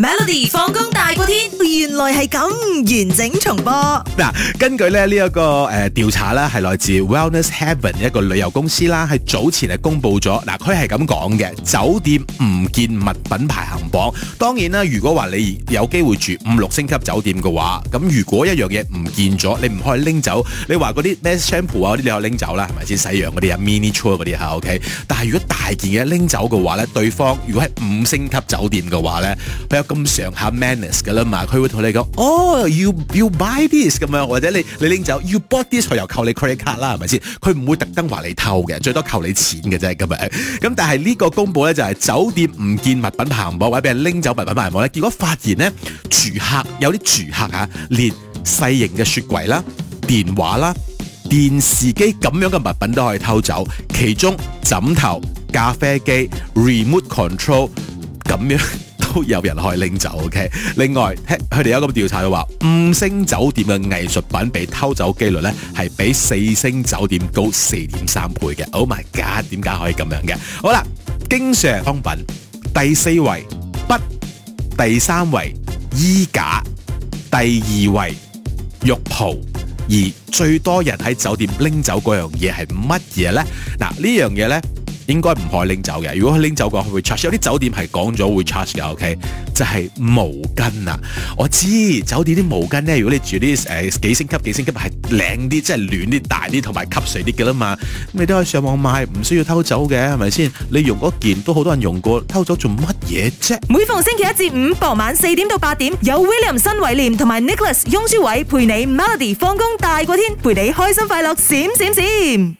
Melody 放工大過天，原來係咁完整重播。嗱、啊，根據咧呢一個誒調、呃、查咧，係來自 Wellness Heaven 一個旅遊公司啦，係早前係公布咗。嗱、啊，佢係咁講嘅，酒店唔見物品排行榜。當然啦，如果話你有機會住五六星級酒店嘅話，咁如果一樣嘢唔見咗，你唔可以拎走。你話嗰啲咩 shampoo 是是啊，嗰啲你可以拎走啦，係咪先？洗浴嗰啲啊，mini tour 嗰啲吓，OK。但係如果大件嘢拎走嘅話咧，對方如果係五星級酒店嘅話咧，佢有。咁上下 manness 嘅啦嘛，佢會同你講哦，要、oh, 要 buy this 咁樣，或者你你拎走，要 bought this 佢又扣你 credit card 啦，係咪先？佢唔會特登話你偷嘅，最多扣你錢嘅啫咁樣。咁 但係呢個公佈咧就係、是、酒店唔見物品排行榜或者俾人拎走物品排行榜咧，結果發現咧住客有啲住客啊，連細型嘅雪櫃啦、電話啦、電視機咁樣嘅物品都可以偷走，其中枕頭、咖啡機、remote control 咁樣。 都有人可以拎走，OK。另外，佢哋有咁調查嘅話，五星酒店嘅藝術品被偷走機率咧，係比四星酒店高四點三倍嘅。Oh my God，點解可以咁樣嘅？好啦，經常品第四位筆，第三位衣架，第二位浴袍。而最多人喺酒店拎走嗰樣嘢係乜嘢咧？嗱，呢樣嘢咧。應該唔可以拎走嘅。如果佢拎走嘅話，佢會 charge。有啲酒店係講咗會 charge 嘅。O、okay? K，就係毛巾啊！我知酒店啲毛巾咧，如果你住啲誒、呃、幾星級幾星級係靚啲，即係暖啲、大啲同埋吸水啲嘅啦嘛，你都可以上網買，唔需要偷走嘅，係咪先？你用嗰件都好多人用過，偷走做乜嘢啫？每逢星期一至五傍晚四點到八點，有 William 新偉廉同埋 Nicholas 翁書偉陪你，Melody 放工大過天，陪你開心快樂閃，閃閃閃。